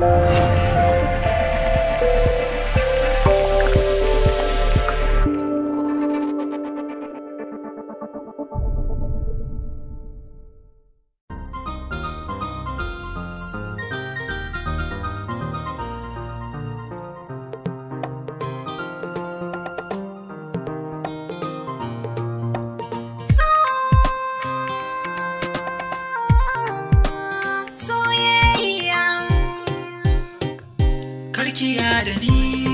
Thank you. gaskiya da ni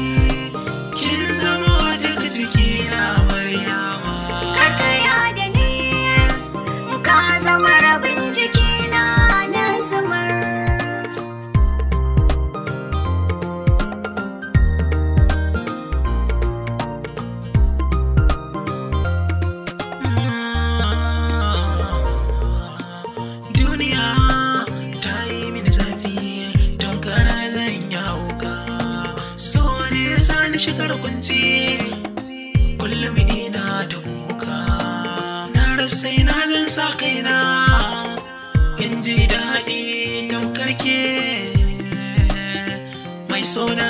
kunci kullum ina da kuka na rasa ina zan sa kaina in ji daɗi tamkar ke mai sona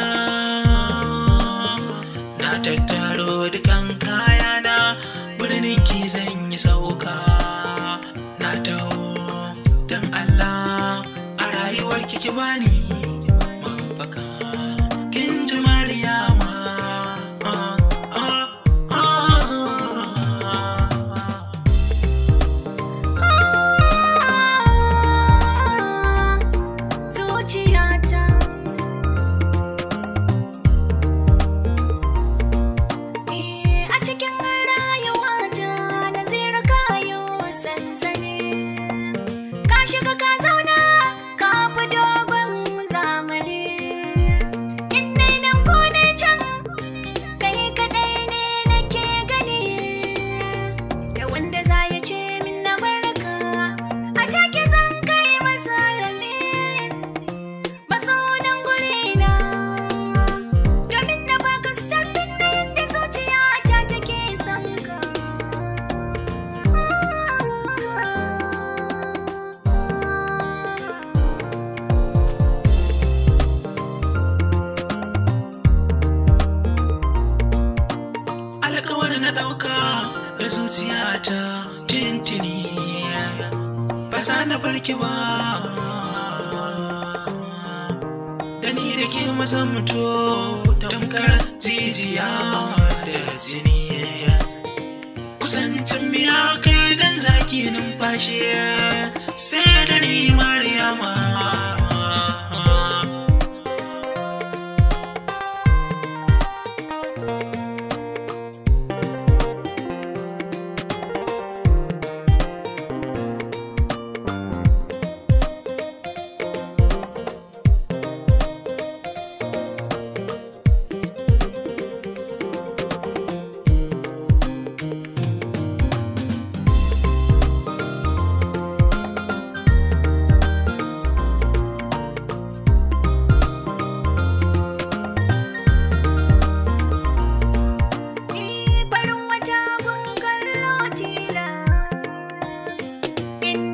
na tattaro dukan kayana birnin ki zan yi sauka na taho don Allah a rayuwar kiki bani wani na ɗauka da zuciya ta tintini ba za na farki ba da ni da ke maza mutu tamkar jijiya da jini kusancin miya kai dan zaki numfashi sai da ni mariyama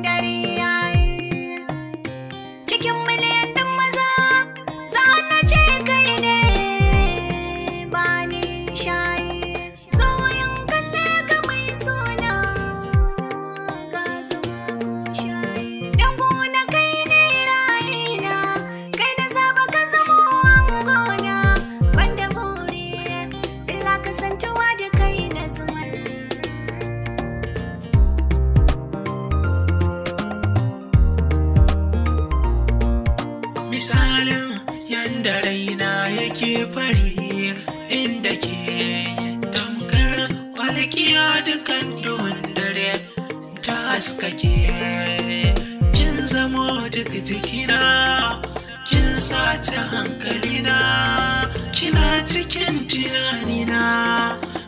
daddy. misalin yanda raina yake fari inda ke tamkar walƙiya dukan duhun dare ta haskake kin zamo duk jikina kin sace hankalina kina cikin tunanina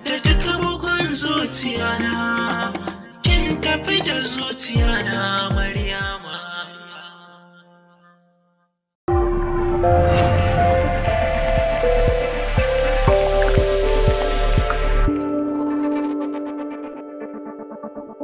da duka bugun zuciyana kin tafi da zuciyana maryam Thank you.